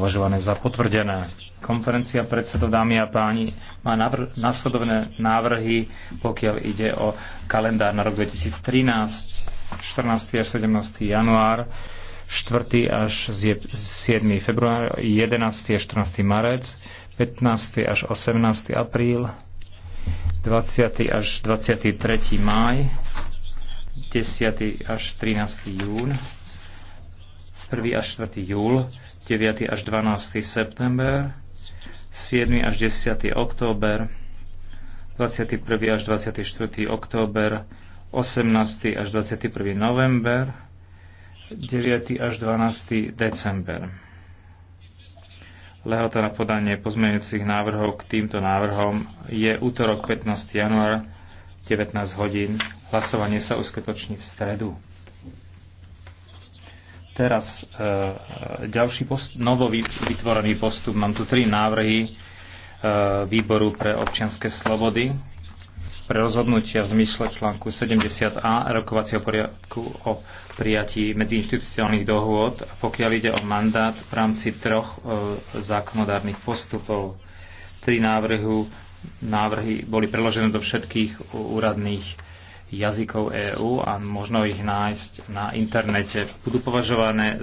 považované za potvrdené. Konferencia predsedov dámy a páni má navr- nasledovné návrhy, pokiaľ ide o kalendár na rok 2013, 14. až 17. január, 4. až 7. február, 11. až 14. marec, 15. až 18. apríl, 20. až 23. máj, 10. až 13. jún, 1. až 4. júl, 9. až 12. september, 7. až 10. október, 21. až 24. október, 18. až 21. november, 9. až 12. december. Lehota na podanie pozmeňujúcich návrhov k týmto návrhom je útorok 15. január 19 hodín. Hlasovanie sa uskutoční v stredu. Teraz e, e, ďalší post, novo vytvorený postup. Mám tu tri návrhy e, výboru pre občianske slobody pre rozhodnutia v zmysle článku 70a rokovacieho poriadku o prijatí medziinstitucionálnych dohôd, pokiaľ ide o mandát v rámci troch e, zákonodárnych postupov. Tri návrhu, návrhy boli preložené do všetkých úradných jazykov EÚ a možno ich nájsť na internete. Budú považované